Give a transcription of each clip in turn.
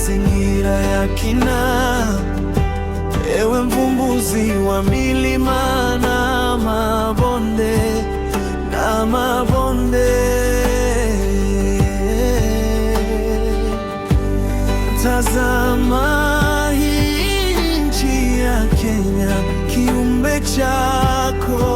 mazingira ya kina, ewe mvumbuzi wa milima na mabonde na mabonde, tazama hii nchi ya Kenya, kiumbe chako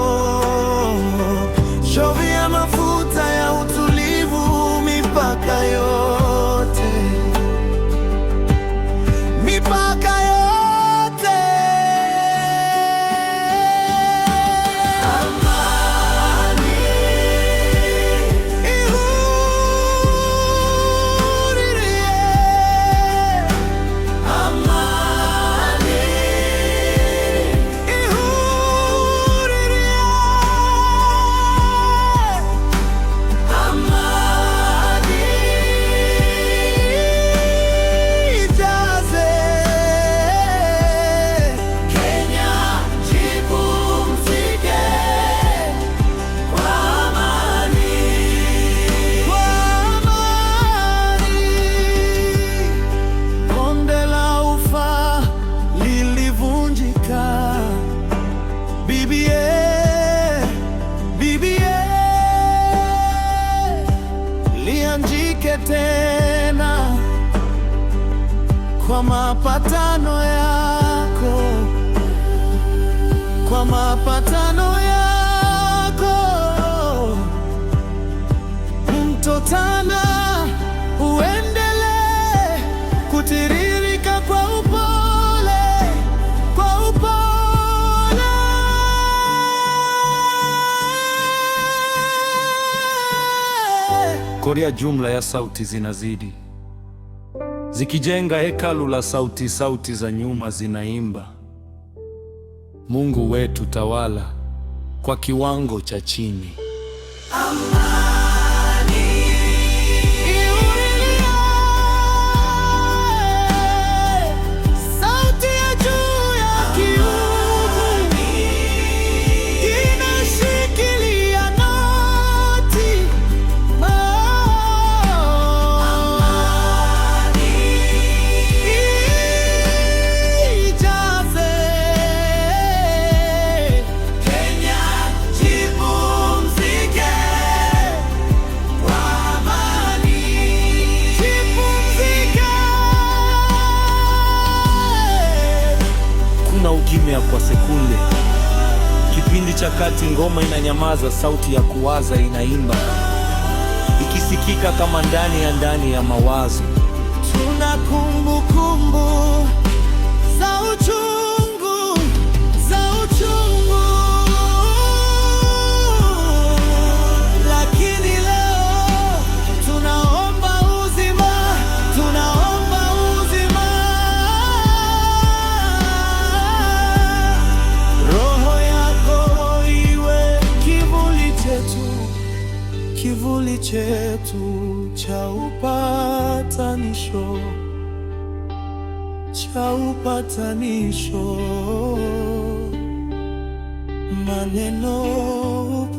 tena kwa mapatano yako, kwa mapatano yako mtotana Korea jumla ya sauti zinazidi zikijenga hekalu la sauti. Sauti za nyuma zinaimba, Mungu wetu tawala, kwa kiwango cha chini. cha kati, ngoma inanyamaza, sauti ya kuwaza inaimba, ikisikika kama ndani ya ndani ya mawazo. Tuna kumbukumbu za uchungu chetu cha upatanisho, cha upatanisho, maneno